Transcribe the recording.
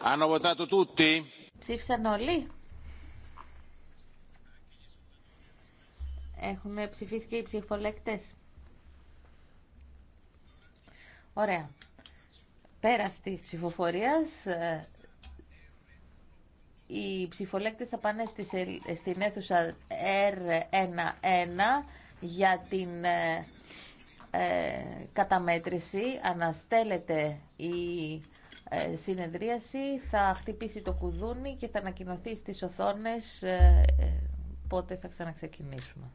Hanno votato tutti? Ψήφισαν όλοι. Έχουν ψηφίσει και οι ψηφολέκτε. Ωραία. Πέρας της ψηφοφορίας, ε, οι ψηφολέκτες θα πάνε στην αίθουσα R11 για την ε, ε, καταμέτρηση. Αναστέλλεται η ε, συνεδρίαση θα χτυπήσει το κουδούνι και θα ανακοινωθεί στις οθόνες ε, ε, πότε θα ξαναξεκινήσουμε.